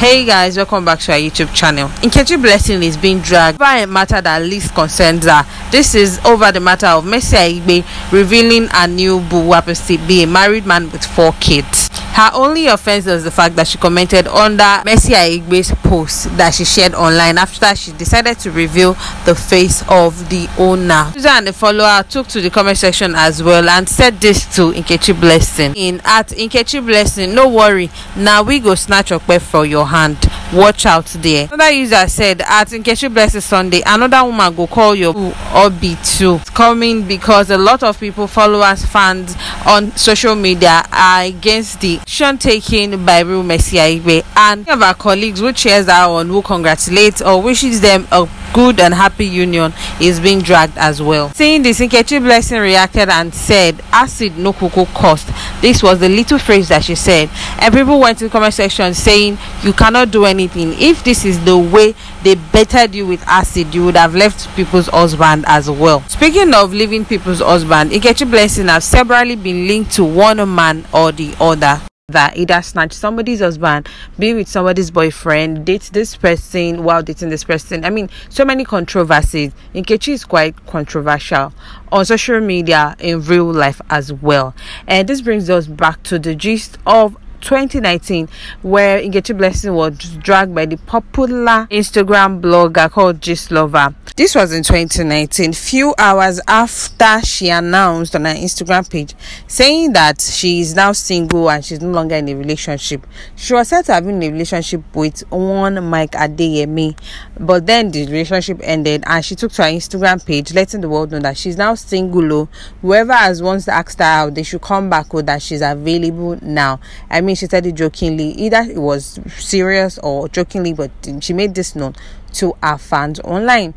Hey guys, welcome back to our YouTube channel. Nkechi Blessing is being dragged by a matter that least concerns her. This is over the matter of Messi Aigbe revealing a new boo to be a married man with four kids. Her only offense was the fact that she commented under Mercy Aigbe's post that she shared online after she decided to reveal the face of the owner. User and the follower took to the comment section as well and said this to Nkechi Blessing. In at Nkechi Blessing, no worry, now we go snatch wife for your hand. Watch out there. Another user said at Nkechi Blessing Sunday, another woman go call your Obi too. It's coming because a lot of people, followers, fans on social media are against the action taken by Real Messi Aibe and of our colleagues who cheers that on, who congratulates or wishes them a good and happy union is being dragged as well. Seeing this, Nkechi Blessing reacted and said, acid no cuckoo cost. This was the little phrase that she said. And people went to the comment section saying, you cannot do anything. If this is the way they bettered you with acid, you would have left people's husband as well. Speaking of leaving people's husband, Nkechi Blessing has severally been linked to one man or the other that either snatch somebody's husband, be with somebody's boyfriend, date this person while dating this person. I mean, so many controversies. Nkechi is quite controversial on social media, in real life as well. And this brings us back to the gist of 2019, where Ingechi Blessing was dragged by the popular Instagram blogger called Gist Lover. This was in 2019, few hours after she announced on her Instagram page saying that she is now single and she's no longer in a relationship. She was said to have been in a relationship with one Mike Adeyemi, but then the relationship ended and she took to her Instagram page letting the world know that she's now single. Oh. Whoever has once asked her out, they should come back or oh, that she's available now. I mean, mean, she said it jokingly. Either it was serious or jokingly, but she made this known to her fans online.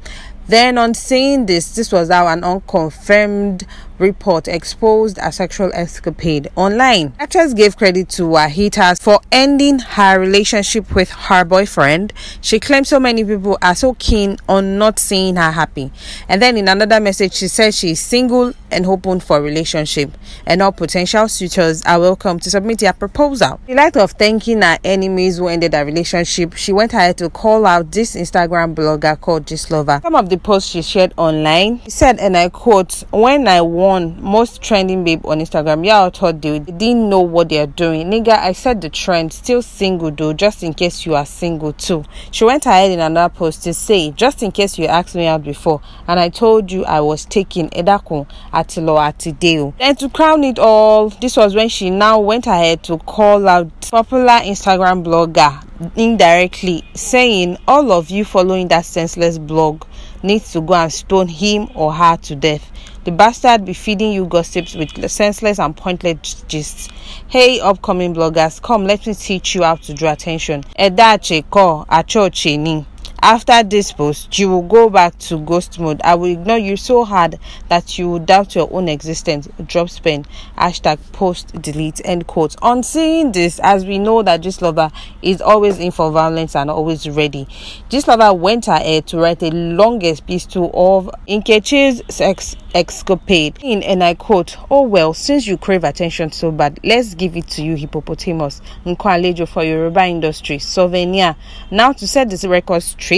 Then, on seeing this, this was now an unconfirmed report exposed a sexual escapade online. Actress gave credit to Wahita for ending her relationship with her boyfriend. She claims so many people are so keen on not seeing her happy. And then in another message, she says she is single and hoping for a relationship, and all potential suitors are welcome to submit their proposal. In light of thanking her enemies who ended her relationship, she went ahead to call out this Instagram blogger called Gislova. Some of the posts she shared online, she said, and I quote, "When I." one most trending babe on Instagram. Yeah, I thought they didn't know what they are doing. Nigga, I said the trend, still single though, just in case you are single too. She went ahead in another post to say, just in case you asked me out before, and I told you I was taking Edakun Atilo Atideo. And to crown it all, this was when she now went ahead to call out popular Instagram blogger indirectly, saying, All of you following that senseless blog needs to go and stone him or her to death. The bastard be feeding you gossips with senseless and pointless gists. Hey, upcoming bloggers, come let me teach you how to draw attention. Edache ko achoche chini. After this post, you will go back to ghost mode. I will ignore you so hard that you will doubt your own existence. Drop spin Hashtag post delete. End quote. On seeing this, as we know that this lover is always in for violence and always ready, this lover went ahead to write a longest piece to of Nkechi's sex escapade. In and I quote, "Oh well, since you crave attention so bad, let's give it to you, hippopotamus." Nkwalejo for Yoruba industry, souvenir. Now to set this record straight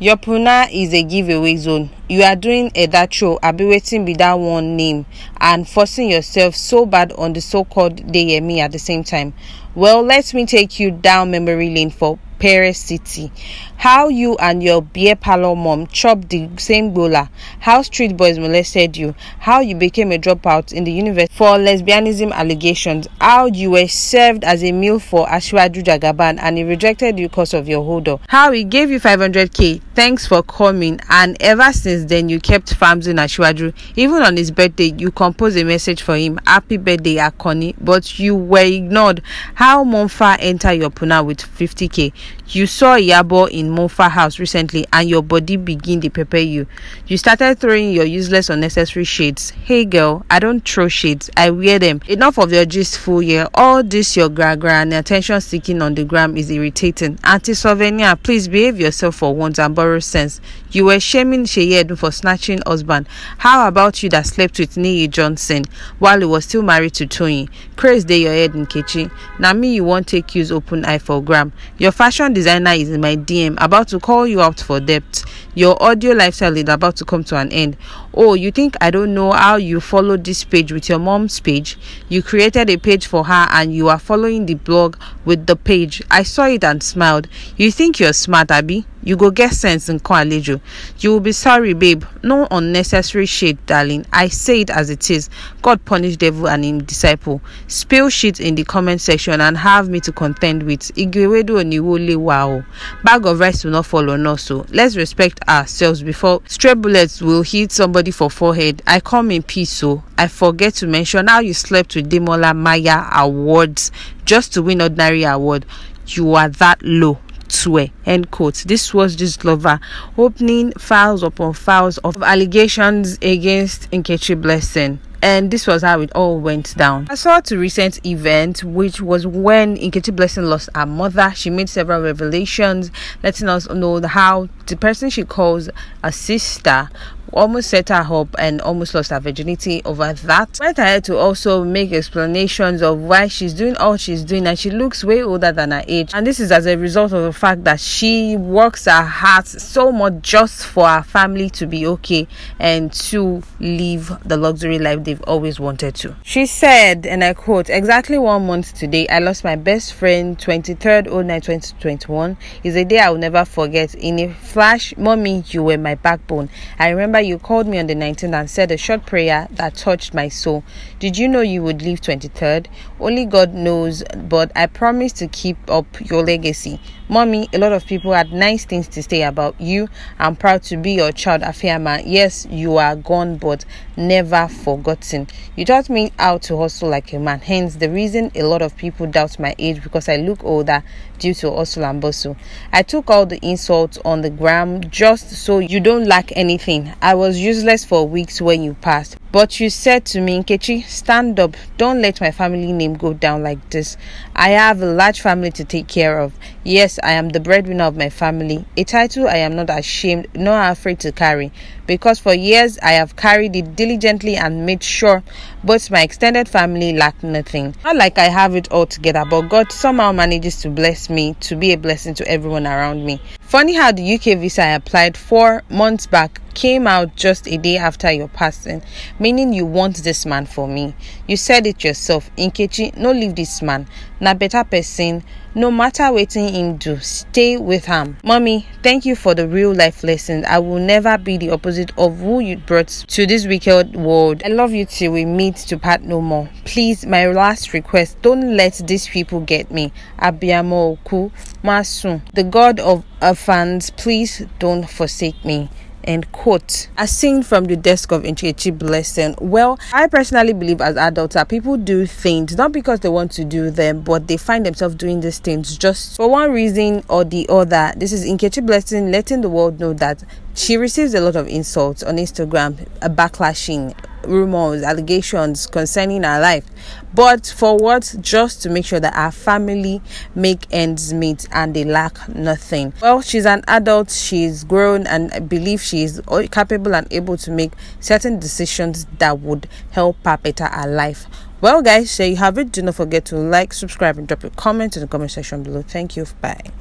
your puna is a giveaway zone. You are doing a that show, I be waiting with that one name and forcing yourself so bad on the so-called DME at the same time. Well, let me take you down memory lane for Paris City. How you and your beer parlor mom chopped the same bola. How street boys molested you. How you became a dropout in the university for lesbianism allegations. How you were served as a meal for Ashwadu Jagaban and he rejected you because of your holder. How he gave you 500k. Thanks for coming. And ever since then, you kept farms in Ashwadu. Even on his birthday, you composed a message for him. Happy birthday, Akoni. But you were ignored. How Monfa enter your puna with 50k. You saw Yabo in Mofa house recently and your body begin to prepare you. You started throwing your useless unnecessary shades. Hey girl, I don't throw shades. I wear them. Enough of your gist full year. All this your gragra and attention seeking on the gram is irritating. Auntie Souvenir, please behave yourself for once and borrow sense. You were shaming Sheyed for snatching husband. How about you that slept with Niyi Johnson while he was still married to Tony? Crazy, day your head in kitchen. Now me you won't take use open eye for gram. Your fashion fashion designer is in my DM about to call you out for debt. Your audio lifestyle is about to come to an end. Oh, you think I don't know how you followed this page with your mom's page? You created a page for her and you are following the blog with the page. I saw it and smiled. You think you're smart, Abby? You go get sense in Koalejo. You will be sorry, babe. No unnecessary shit, darling. I say it as it is. God punish devil and his disciple. Spill shit in the comment section and have me to contend with. Igwedo Oniwole really wow bag of rice will not fall on us so let's respect ourselves before stray bullets will hit somebody for forehead i come in peace so i forget to mention how you slept with demola maya awards just to win ordinary award you are that low elsewhere end quote this was just lover opening files upon files of allegations against nkechi blessing and this was how it all went down. I saw to recent event, which was when Inkechi Blessing lost her mother. She made several revelations, letting us know how the person she calls a sister almost set her up and almost lost her virginity over that. Went ahead to also make explanations of why she's doing all she's doing and she looks way older than her age. And this is as a result of the fact that she works her heart so much just for her family to be okay and to live the luxury life they've always wanted to. She said, and I quote, exactly one month today, I lost my best friend 23rd night, 2021 is a day I will never forget. In a flash, mommy, you were my backbone. I remember remember you called me on the 19th and said a short prayer that touched my soul. Did you know you would leave 23rd? Only God knows, but I promise to keep up your legacy. Mommy, a lot of people had nice things to say about you. I'm proud to be your child, Afiama. Yes, you are gone, but never forgotten. You taught me how to hustle like a man. Hence, the reason a lot of people doubt my age because I look older due to hustle and bustle. I took all the insults on the gram just so you don't lack anything. I was useless for weeks when you passed. But you said to me, Nkechi, stand up. Don't let my family name go down like this. I have a large family to take care of. Yes, I am the breadwinner of my family, a title I am not ashamed nor afraid to carry, because for years I have carried it diligently and made sure both my extended family lack nothing. Not like I have it all together, but God somehow manages to bless me to be a blessing to everyone around me. Funny how the UK visa I applied four months back came out just a day after your passing, meaning you want this man for me. You said it yourself, Inkechi, no leave this man. Na better person no matter waiting him do, stay with him. Mommy, thank you for the real life lesson. I will never be the opposite of who you brought to this wicked world. I love you till we meet to part no more. Please, my last request, don't let these people get me. Abiyamo Oku Masun, the God of orphans, please don't forsake me. End quote. As seen from the desk of Nchechi Blessing, well, I personally believe as adults that people do things not because they want to do them, but they find themselves doing these things just for one reason or the other. This is Nkechi Blessing letting the world know that she receives a lot of insults on Instagram, uh, backlashing, rumors, allegations concerning her life. But for what? Just to make sure that her family make ends meet and they lack nothing. Well, she's an adult, she's grown, and I believe she is capable and able to make certain decisions that would help her better her life. Well, guys, there you have it. Do not forget to like, subscribe, and drop your comment in the comment section below. Thank you. Bye.